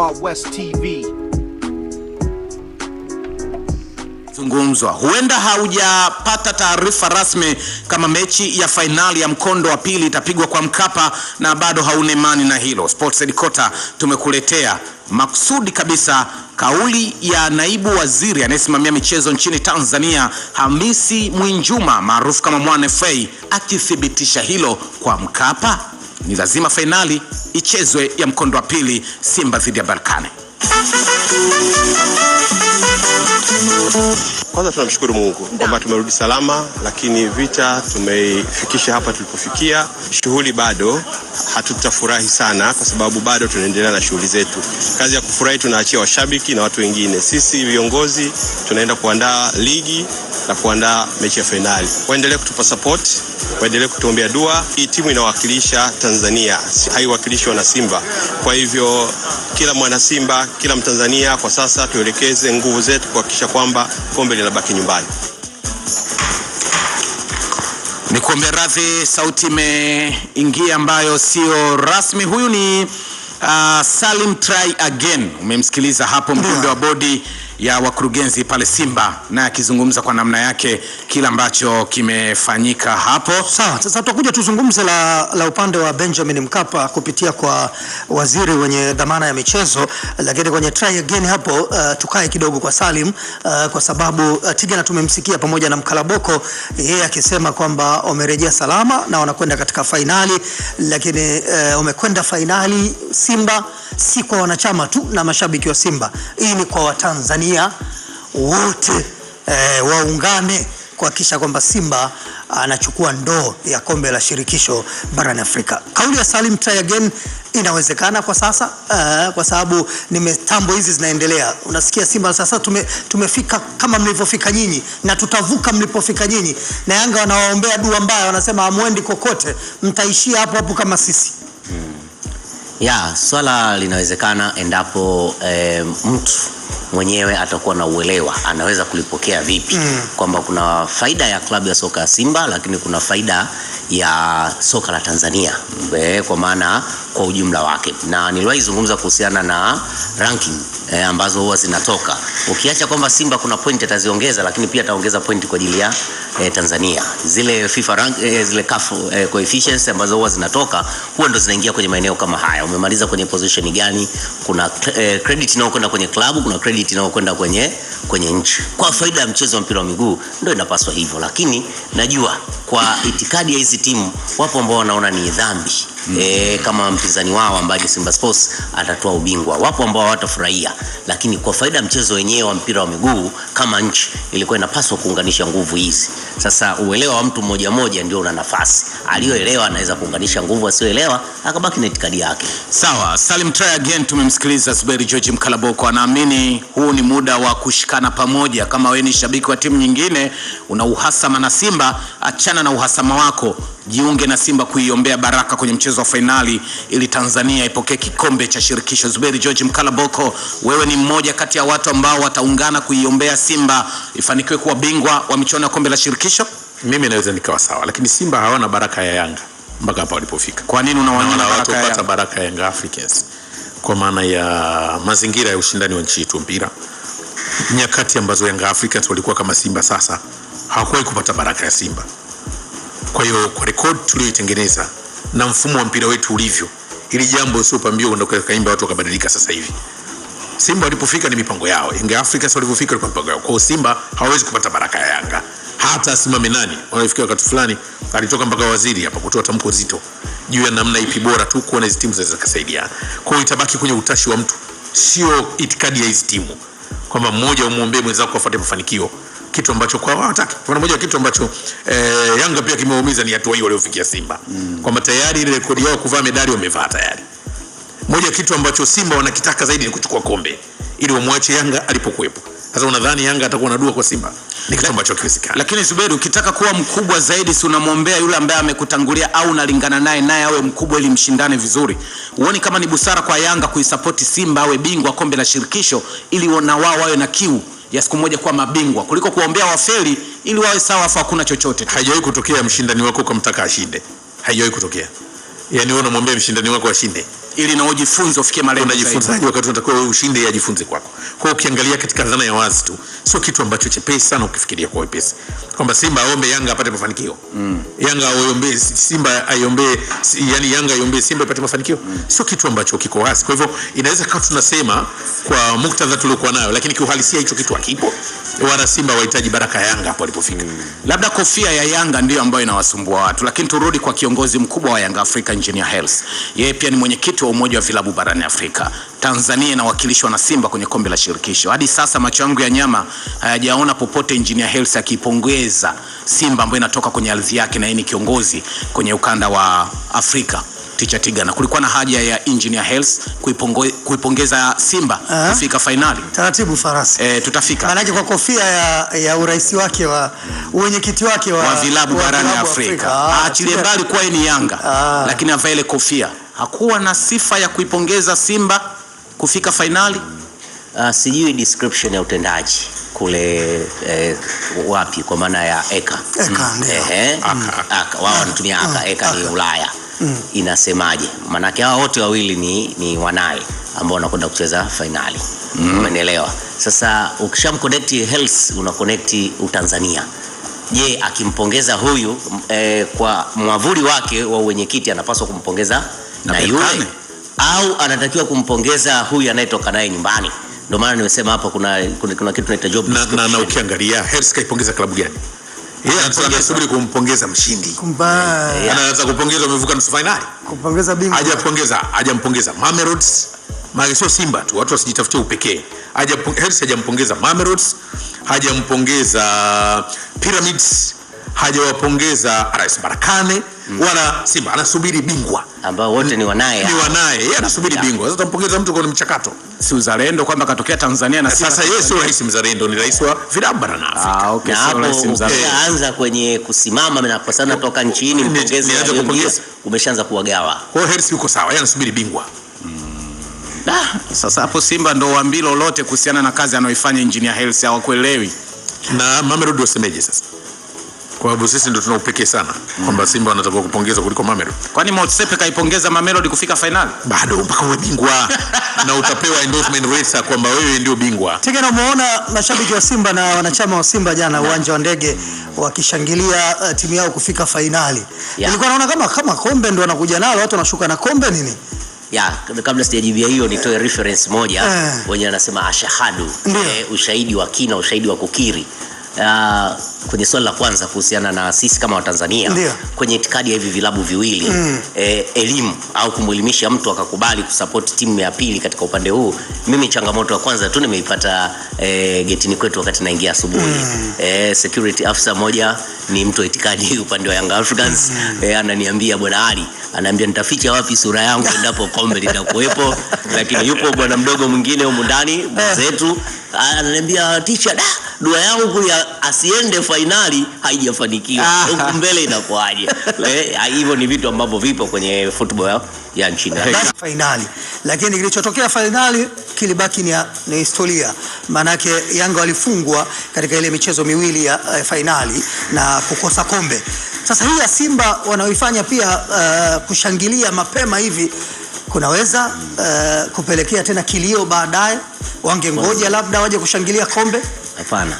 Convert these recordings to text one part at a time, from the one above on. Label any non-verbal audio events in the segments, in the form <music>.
Wild West TV. Zungumzwa huenda haujapata taarifa rasmi kama mechi ya fainali ya mkondo wa pili itapigwa kwa Mkapa na bado hauna imani na hilo. Sports Headquarter tumekuletea maksudi kabisa kauli ya naibu waziri anayesimamia michezo nchini Tanzania Hamisi Mwinjuma maarufu kama Mwana FA akithibitisha hilo kwa Mkapa ni lazima fainali ichezwe ya mkondo wa pili, Simba dhidi ya Berkane. Kwanza tunamshukuru Mungu kwamba tumerudi salama, lakini vita tumeifikisha hapa tulipofikia. Shughuli bado hatutafurahi sana, kwa sababu bado tunaendelea na shughuli zetu. Kazi ya kufurahi tunaachia washabiki na watu wengine. Sisi viongozi tunaenda kuandaa ligi na kuandaa mechi ya fainali. Waendelee kutupa support, waendelee kutuombea dua. Hii timu inawakilisha Tanzania, haiwakilishwi na Simba, kwa hivyo kila mwana Simba, kila Mtanzania kwa sasa tuelekeze nguvu zetu kuhakikisha kwamba kombe linabaki nyumbani. Ni kuombe radhi, sauti imeingia ambayo sio rasmi. Huyu ni uh, Salim try again. Umemsikiliza hapo mjumbe wa bodi ya wakurugenzi pale Simba na akizungumza kwa namna yake kila ambacho kimefanyika hapo. Sawa, sasa tutakuja tuzungumze la, la upande wa Benjamin Mkapa kupitia kwa waziri wenye dhamana ya michezo, lakini kwenye try again hapo uh, tukae kidogo kwa Salim uh, kwa sababu uh, Tigana tumemsikia pamoja na Mkalaboko yeye akisema kwamba wamerejea salama na wanakwenda katika fainali, lakini uh, wamekwenda uh, fainali Simba si kwa wanachama tu na mashabiki wa Simba, hii ni kwa Watanzania Tanzania wote e, waungane kuhakikisha kwamba Simba anachukua ndoo ya kombe la shirikisho barani Afrika. Kauli ya Salim try again inawezekana kwa sasa uh, kwa sababu ni mitambo hizi zinaendelea. Unasikia Simba sasa tume, tumefika kama mlivyofika nyinyi na tutavuka mlipofika nyinyi, na Yanga wanawaombea dua mbaya, wanasema hamwendi kokote, mtaishia hapo hapo kama sisi hmm. Ya swala linawezekana endapo eh, mtu mwenyewe atakuwa na uelewa anaweza kulipokea vipi mm. kwamba kuna faida ya klabu ya soka ya Simba lakini kuna faida ya soka la Tanzania Mbe, kwa maana kwa ujumla wake, na niliwahi zungumza kuhusiana na ranking e, ambazo huwa zinatoka. Ukiacha kwamba Simba kuna point ataziongeza, lakini pia ataongeza point kwa ajili ya e, Tanzania. Zile FIFA rank, e, zile CAF e, coefficients ambazo huwa zinatoka huwa ndo zinaingia kwenye maeneo kama haya, umemaliza kwenye position gani. Kuna e, credit inayokwenda kwenye klabu, kuna credit inayokwenda kwenye, kwenye nchi kwa faida ya mchezo wa mpira wa miguu, ndio inapaswa hivyo, lakini najua kwa itikadi ya hizi timu wapo ambao wanaona ni dhambi mm. e, kama mpinzani wao ambaye ni Simba Sports atatoa ubingwa. Wapo ambao hawatafurahia, lakini kwa faida ya mchezo wenyewe wa mpira wa miguu kama nchi ilikuwa inapaswa kuunganisha nguvu hizi. Sasa uelewa wa mtu mmoja mmoja ndio una nafasi, aliyoelewa anaweza kuunganisha nguvu, asiyoelewa akabaki na itikadi yake. Sawa, Salim try again. Tumemsikiliza Zuberi George Mkalaboko, anaamini huu ni muda wa kushikana pamoja. Kama wewe ni shabiki wa timu nyingine una uhasama na Simba, achana na uhasama wako jiunge na Simba kuiombea baraka kwenye mchezo wa fainali ili Tanzania ipokee kikombe cha shirikisho. Zuberi George Mkalaboko, wewe ni mmoja kati ya watu ambao wataungana kuiombea Simba ifanikiwe kuwa bingwa wa michuano ya kombe la shirikisho. Mimi naweza nikawa sawa, lakini Simba hawana baraka ya Yanga mpaka hapa walipofika. Kwa nini unawaona watu kupata baraka ya Yanga Africans? Kwa maana ya mazingira ya ushindani wa nchi yetu mpira, nyakati ambazo Yanga Africans walikuwa kama Simba sasa, hawakuwahi kupata baraka ya Simba. Kwa hiyo kwa rekodi tuliyoitengeneza na mfumo wa mpira wetu ulivyo, ili jambo sio pambio kwenda kaimba watu wakabadilika sasa hivi. Simba walipofika ni mipango yao, Yanga Africa sasa walipofika ni mipango yao. Kwa hiyo Simba hawawezi kupata baraka ya Yanga. Hata asimame nani, Walifikia wakati fulani alitoka mpaka waziri hapa kutoa tamko zito juu ya namna ipi bora tu kuona hizo timu zinaweza kusaidiana. Kwa hiyo itabaki kwenye utashi wa mtu, sio itikadi ya hizo timu kwamba mmoja umwombee mwenzako afuate mafanikio kitu ambacho kwa wao Kwa moja kitu ambacho eh, Yanga pia kimeumiza ni hatua hiyo waliofikia Simba mm. kwamba tayari ile rekodi yao kuvaa medali wamevaa tayari. Moja kitu ambacho Simba wanakitaka zaidi ni kuchukua kombe ili wamwache Yanga alipokuwepo. Sasa unadhani Yanga atakuwa na dua kwa Simba? Ni kitu ambacho kiwezekana. Lakini Zuberi, ukitaka kuwa mkubwa zaidi, si unamwombea yule ambaye amekutangulia au unalingana naye naye awe mkubwa ili mshindane vizuri. Huoni kama ni busara kwa Yanga kuisapoti Simba awe bingwa kombe la shirikisho ili na wao wawe na kiu ya siku moja kuwa mabingwa kuliko kuwaombea wafeli ili wawe sawa, afu hakuna chochote. Haijawahi kutokea mshindani wako ukamtaka ashinde, haijawahi kutokea. Yani wewe unamwambia mshindani wako ashinde? ili na ujifunze ufikie malengo. Unajifunzaje wakati unatakiwa wewe ushinde, ajifunze kwako? Kwa hiyo ukiangalia katika dhana ya wazi tu, sio kitu ambacho chepesi sana ukifikiria kwa wepesi kwamba Simba aombe Yanga apate mafanikio mm. Yanga aombe Simba aiombe, yani Yanga aiombe Simba ipate mafanikio mm. Sio kitu ambacho kiko wazi. Kwa hivyo inaweza kama tunasema kwa muktadha tuliokuwa nayo, lakini kiuhalisia hicho kitu hakipo, wala Simba wahitaji baraka ya Yanga hapo alipofika mm. Labda kofia ya Yanga ndiyo ambayo inawasumbua watu, lakini turudi kwa kiongozi mkubwa wa Yanga Afrika, Engineer Hersi, yeye pia ni mwenyekiti wa umoja wa vilabu barani Afrika. Tanzania inawakilishwa na Simba kwenye kombe la shirikisho. Hadi sasa macho yangu ya nyama hayajaona popote Engineer Hersi akipongeza Simba ambayo inatoka kwenye ardhi yake na yeye ni kiongozi kwenye ukanda wa Afrika. Ticha Tigana, kulikuwa na haja ya Engineer Hersi kuipongeza Simba kufika finali. Taratibu farasi. E, eh, tutafika. Maana kwa kofia ya, ya urais wake wa uwenyekiti wake wa, wa vilabu barani Afrika. Afrika. Ah, Aachilie mbali kuwa ni Yanga. Aa. Ah. Lakini ile kofia hakuwa na sifa ya kuipongeza Simba kufika fainali. Uh, ah, sijui description ya utendaji kule eh, wapi kwa maana ya eka mm. mm. wao wanatumia mm. aka eka ni Ulaya mm. Inasemaje? Maanake hawa wote wawili ni, ni wanaye ambao wanakwenda kucheza fainali mm. Umeelewa? Sasa ukishamconnect health connect utanzania Je, akimpongeza huyu eh, kwa mwavuli wake wa uwenyekiti anapaswa kumpongeza na, na yule au anatakiwa kumpongeza huyu anayetoka naye nyumbani ndio maana nimesema hapo kuna, kuna, kuna kitu naita job na, na, na ukiangalia Hersi kaipongeza klabu gani ah, anasubiri kumpongeza mshindi eh, anaanza kupongeza amevuka nusu fainali kupongeza bingwa hajampongeza hajampongeza Mamelods maana sio Simba tu watu wasijitafutie upekee hajampongeza Hersi hajampongeza Mamelods hajampongeza Pyramids hajawapongeza Rais Barakane mm. wala Simba, anasubiri bingwa ambao wote ni wanaye, ni wanaye yeye, anasubiri yeah. bingwa. Sasa tampongeza mtu kwa mchakato, si uzalendo kwamba katokea Tanzania na eh, sasa yeye sio rais mzalendo, ni rais wa vilabu barani Afrika. Ah, okay, sio rais mzalendo. Okay. Anza kwenye kusimama na kwa sana eh, toka nchini, mpongeze, umeshaanza kuwagawa. Kwa hiyo Hersi yuko sawa, yeye anasubiri bingwa Da, ah. sasa hapo Simba ndo waambi lolote kuhusiana na kazi anaoifanya Engineer Hersi hawakuelewi. Na Mamelodi wasemeje sasa? Kwa sababu sisi ndio tuna upekee sana mm. kwamba Simba wanatakiwa kupongeza kuliko Mamelodi. Kwani Motsepe kaipongeza Mamelo kufika fainali? Bado mpaka uwe bingwa <laughs> na utapewa endorsement letter kwamba wewe ndio bingwa. Tega na muona mashabiki wa Simba na wanachama wa Simba jana uwanja wa ndege wakishangilia uh, timu yao kufika finali. Yeah. Nilikuwa naona kama kama kombe ndio wanakuja nalo, watu wanashuka na kombe nini? Ya, kabla sijajibia hiyo nitoe reference moja eh. wenye anasema ashahadu, eh, ushahidi wa kina, ushahidi wa kukiri. Uh, kwenye swali la kwanza kuhusiana na sisi kama watanzania Ndiyo. kwenye itikadi ya hivi vilabu viwili mm. e, elimu au kumwelimisha mtu akakubali kusapoti timu ya pili katika upande huu mimi changamoto ya kwanza tu nimeipata e, getini kwetu wakati naingia asubuhi mm. e, security officer moja ni mtu wa itikadi <laughs> upande wa young africans mm. e, ananiambia bwana ali anaambia nitaficha wapi sura yangu endapo kombe litakuwepo <laughs> lakini yupo bwana mdogo mwingine humu ndani mwenzetu ananiambia ticha da dua yangu ya asiende fainali haijafanikiwa ah. huku mbele inakuaje? <laughs> Eh, ah, hivyo ni vitu ambavyo vipo kwenye football ya nchini fainali, lakini kilichotokea fainali kilibaki ni, ni historia. Maanake Yanga walifungwa katika ile michezo miwili ya uh, eh, fainali na kukosa kombe. Sasa hii ya Simba wanaoifanya pia uh, kushangilia mapema hivi kunaweza uh, kupelekea tena kilio baadaye. Wangengoja labda waje kushangilia kombe. Hapana.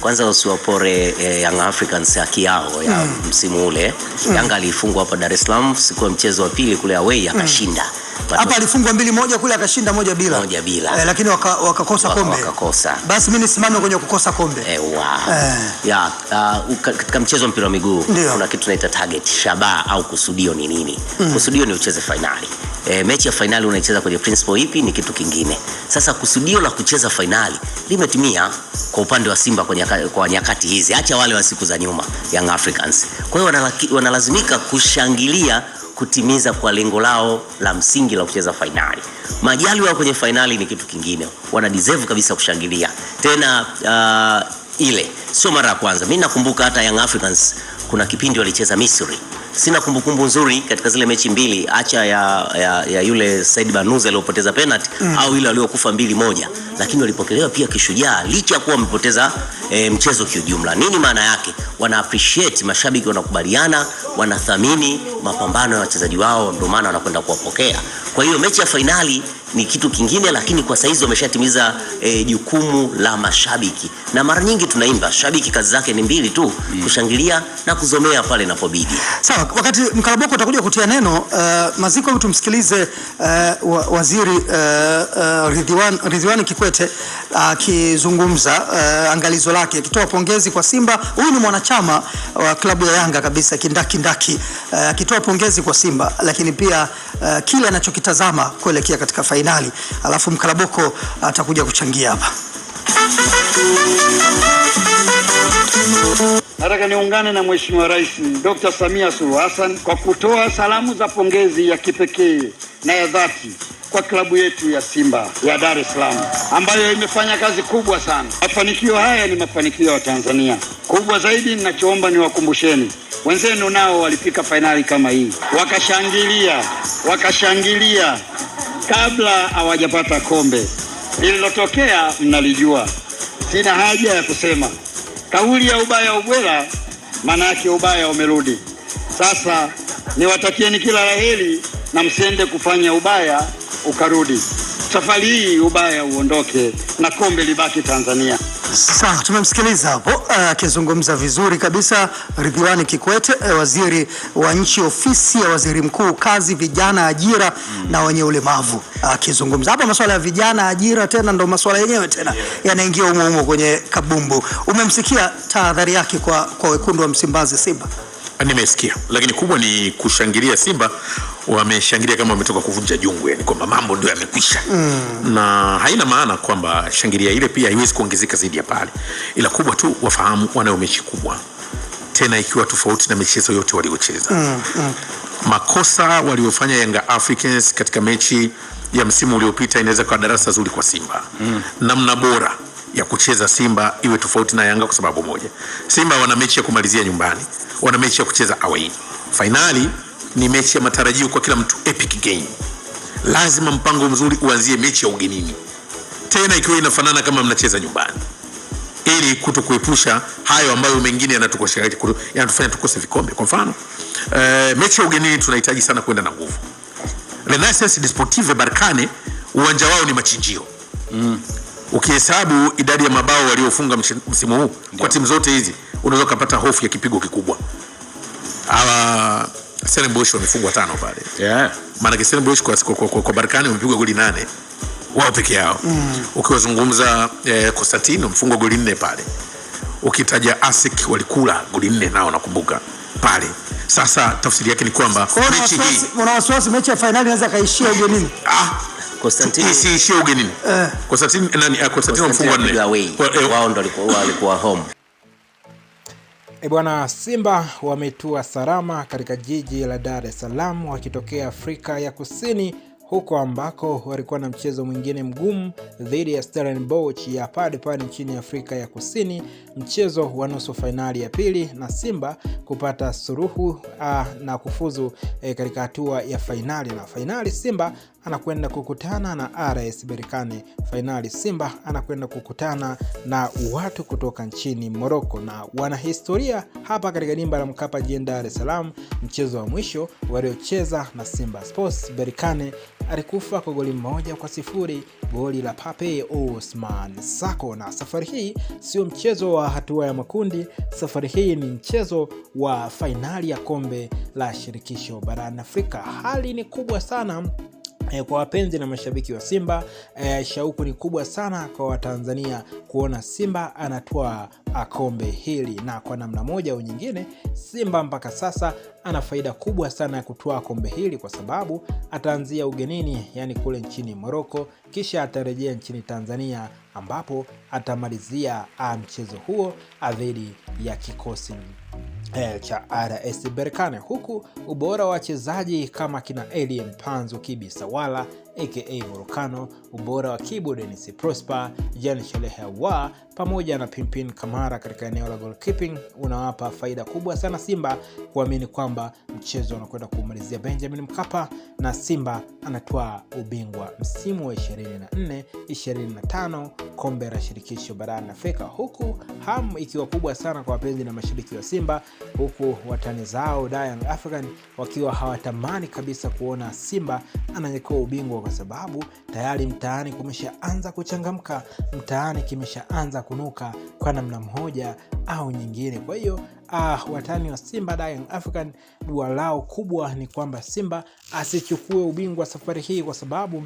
Kwanza usiwapore eh, Young Africans haki yao ya mm. msimu ule mm. Yanga alifungwa hapa Dar es Salaam siku ya mchezo wa pili kule away mm. akashinda mm. Hapa alifungwa mbili moja kule akashinda moja bila. Moja bila. Eh, lakini wakakosa waka kombe. Wakakosa. Basi mimi nisimame kwenye kukosa kombe. Eh, wow. Eh. Ya, uh, katika mchezo wa mpira wa miguu kuna kitu tunaita target, shabaha au kusudio ni nini? Mm. Kusudio ni ucheze finali e, mechi ya fainali unaicheza kwenye principle ipi ni kitu kingine. Sasa kusudio la kucheza fainali limetimia kwa upande wa Simba kwa, nyaka, kwa nyakati hizi, acha wale wa siku za nyuma Young Africans. Kwa hiyo wanalazimika kushangilia kutimiza kwa lengo lao la msingi la kucheza fainali. majali wao kwenye fainali ni kitu kingine, wana deserve kabisa kushangilia tena. Uh, ile sio mara ya kwanza. Mimi nakumbuka hata Young Africans kuna kipindi walicheza Misri sina kumbukumbu nzuri katika zile mechi mbili, acha ya, ya, ya yule Said Banuzi aliyopoteza penalty mm. au ile aliyokufa mbili moja, lakini walipokelewa pia kishujaa licha ya kuwa wamepoteza e, mchezo kiujumla. Nini maana yake? Wana appreciate mashabiki wanakubaliana wanathamini mapambano ya wachezaji wao, ndio maana wanakwenda kuwapokea. Kwa hiyo mechi ya fainali ni kitu kingine, lakini kwa saizi wameshatimiza eh, jukumu e, la mashabiki, na mara nyingi tunaimba shabiki kazi zake ni mbili tu mm, kushangilia na kuzomea pale inapobidi. Sawa, wakati Mkaraboko atakuja kutia neno uh, eh, maziko, tumsikilize uh, waziri uh, uh, Ridhiwani, Ridhiwani Kikwete akizungumza uh, uh, angalizo lake akitoa pongezi kwa Simba. Huyu ni mwanachama wa klabu ya Yanga kabisa kindaki Kindaki eh, akitoa uh, pongezi kwa Simba, lakini pia uh, eh, kile anachokitazama kuelekea katika fainali, alafu Mkaraboko atakuja kuchangia hapa. Nataka niungane na Mheshimiwa Rais Dr. Samia Suluhu Hassan kwa kutoa salamu za pongezi ya kipekee na ya dhati kwa klabu yetu ya Simba ya Dar es Salaam ambayo imefanya kazi kubwa sana. Mafanikio haya ni mafanikio ya Tanzania. Kubwa zaidi, ninachoomba niwakumbusheni Wenzenu nao walifika fainali kama hii, wakashangilia wakashangilia kabla hawajapata kombe. Lililotokea mnalijua, sina haja ya kusema. Kauli ya ubaya ubwela, maana yake ubaya umerudi sasa. Niwatakieni kila laheri na msiende kufanya ubaya ukarudi safari hii ubaya uondoke na kombe libaki Tanzania. Sawa, tumemsikiliza hapo uh, akizungumza uh, vizuri kabisa Ridhiwani Kikwete uh, waziri wa nchi ofisi ya waziri mkuu, kazi, vijana, ajira mm, na wenye ulemavu akizungumza uh, hapo masuala ya vijana, ajira tena ndo masuala yenyewe tena yeah, yanaingia humo humo kwenye kabumbu. Umemsikia tahadhari yake kwa, kwa wekundu wa Msimbazi Simba? Nimesikia, lakini kubwa ni kushangilia Simba wameshangilia kama wametoka kuvunja jungu, yani kwamba mambo ndio yamekwisha mm. na haina maana kwamba shangilia ile pia haiwezi kuongezeka zaidi ya pale, ila kubwa tu wafahamu wanayo mechi kubwa tena ikiwa tofauti na michezo yote waliocheza mm, mm. Makosa waliofanya Yanga Africans katika mechi ya msimu uliopita inaweza kuwa darasa zuri kwa Simba mm. Namna bora ya kucheza Simba iwe tofauti na Yanga kwa sababu moja, Simba wana mechi ya kumalizia nyumbani, wana mechi ya kucheza away fainali ni mechi ya matarajio kwa kila mtu, epic game. Lazima mpango mzuri uanzie mechi ya ugenini, tena ikiwa inafanana kama mnacheza nyumbani, ili kuto kuepusha hayo ambayo mengine yanatukosea yanatufanya tukose vikombe. Kwa mfano e, mechi ya ugenini tunahitaji sana kwenda na nguvu. Renaissance Desportive Barkane uwanja wao ni machinjio mm. Ukihesabu idadi ya mabao waliofunga msimu huu kwa timu zote hizi, unaweza ukapata hofu ya kipigo kikubwa. Hawa Stellenbosch wamefungwa tano pale yeah. Maana Maanake Stellenbosch kwa, kwa, kwa, kwa Barkani wamepigwa goli nane wao peke yao mm. Ukiwazungumza eh, Constantine mfungwa goli nne pale, ukitaja ASEC walikula goli nne nao nakumbuka pale. Sasa tafsiri yake ni kwamba mechi hii, una wasiwasi mechi ya finali inaweza kaishia ugenini. Ah, Constantine isiishie ugenini. Eh. Constantine nani? Ah, Constantine mfungwa nne, eh, wao ndio walikuwa home Eh, bwana Simba wametua salama katika jiji la Dar es Salaam wakitokea Afrika ya Kusini, huko ambako walikuwa na mchezo mwingine mgumu dhidi ya Stellenbosch ya pale pale nchini Afrika ya Kusini, mchezo wa nusu fainali ya pili, na Simba kupata suruhu a, ah, na kufuzu e, katika hatua ya fainali. Na fainali Simba anakwenda kukutana na RS Berkane. Fainali Simba anakwenda kukutana na watu kutoka nchini Moroko na wanahistoria hapa katika dimba la Mkapa jijini Dar es Salaam. Mchezo wa mwisho waliocheza na Simba Sports, Berkane alikufa kwa goli moja kwa sifuri, goli la Pape Osman Sako. Na safari hii sio mchezo wa hatua ya makundi, safari hii ni mchezo wa fainali ya kombe la shirikisho barani Afrika. Hali ni kubwa sana Eh, kwa wapenzi na mashabiki wa Simba eh, shauku ni kubwa sana kwa Watanzania kuona Simba anatoa kombe hili, na kwa namna moja au nyingine Simba mpaka sasa ana faida kubwa sana ya kutoa kombe hili, kwa sababu ataanzia ugenini, yani kule nchini Moroko, kisha atarejea nchini Tanzania ambapo atamalizia ah, mchezo huo dhidi ya kikosi eh, cha RS Berkane, huku ubora wa wachezaji kama kina Elie Mpanzu, Kibi Sawala aka Volcano, ubora wa Kibu Denis Prosper, Jean Shelehe wa pamoja na Pimpin Kamara katika eneo la goalkeeping unawapa faida kubwa sana Simba kuamini kwamba mchezo unakwenda kumalizia Benjamin Mkapa na Simba anatoa ubingwa msimu wa 24 25 kombe la shirikisho barani Afrika, huku ham ikiwa kubwa sana kwa wapenzi na mashabiki wa Simba, huku watani zao Young African wakiwa hawatamani kabisa kuona Simba ananyakua ubingwa, kwa sababu tayari mtaani kumeshaanza kuchangamka, mtaani kimeshaanza kunuka kwa namna mmoja au nyingine. Kwa hiyo ah, watani wa Simba Young African dua lao kubwa ni kwamba Simba asichukue ubingwa safari hii kwa sababu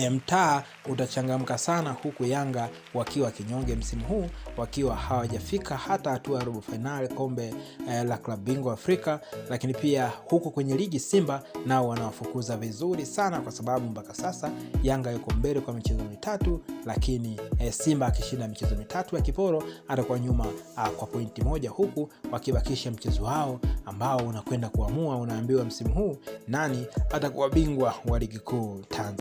E, mtaa utachangamka sana huku Yanga wakiwa kinyonge msimu huu, wakiwa hawajafika hata hatua ya robo fainali kombe e, la klabu bingwa Afrika. Lakini pia huku kwenye ligi Simba nao wanawafukuza vizuri sana, kwa sababu mpaka sasa Yanga yuko mbele kwa michezo mitatu, lakini e, Simba akishinda michezo mitatu ya kiporo atakuwa nyuma a, ah, kwa pointi moja, huku wakibakisha mchezo wao ambao unakwenda kuamua, unaambiwa msimu huu nani atakuwa bingwa wa ligi kuu Tanzania.